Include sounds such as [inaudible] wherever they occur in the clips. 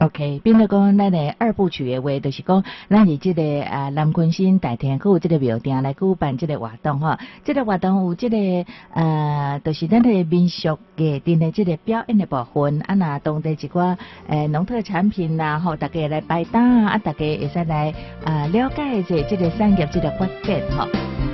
OK，變來講，咱誒二部曲嘅話，就是講，咱是這個誒南鯤鯓大廳閣有這個廟埕來舉辦這個活動哈。這個活動有這個誒、呃、就是咱個民俗嘅，定係這個表演嘅部分啊，呐，當地一寡誒農特產品呐，吼，大家來擺檔啊，啊，大家會使來誒、呃、了解一下這個產業這個發展吼。啊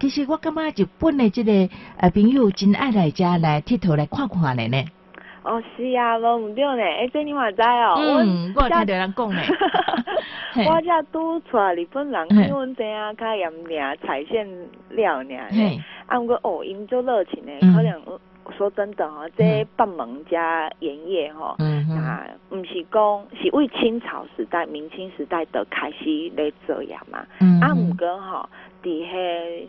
其實我感覺日本的這個呃朋友真愛來遮來佚佗來看看的呢。哦，是啊，無唔對呢，誒，這你嘛知哦。嗯，我有聽到人講呢。 [laughs] 我只拄娶日本人，聽我這樣開鹽店、彩線料呢。哎，按、啊、個哦，因做熱情的、嗯，可能說真的哦，這北門加鹽業吼，啊，唔是講是為清朝時代、明清時代的開始在做呀嘛。嗯。啊，唔夠吼底下。喔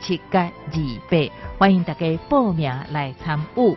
七及二八，歡迎大家報名來參與。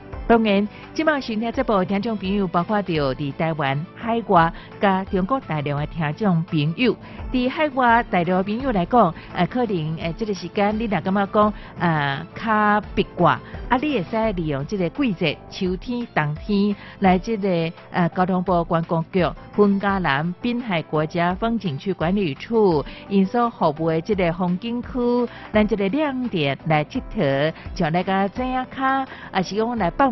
當然，今晚是聽這部聽眾朋友，包括到佇台灣海外，甲中國大量誒聽眾朋友。佇海外大陸誒朋友來講，誒、呃、可能誒，即個時間你哋感覺講誒較八卦。啊，你會使利用即個季節秋天、冬天，來即、這個誒交、啊、通部觀光局、雲嘉南濱海國家風景區管理處、伊所服務誒即個風景區，咱即個亮點來佚佗。上嚟架正下卡，啊，是講來幫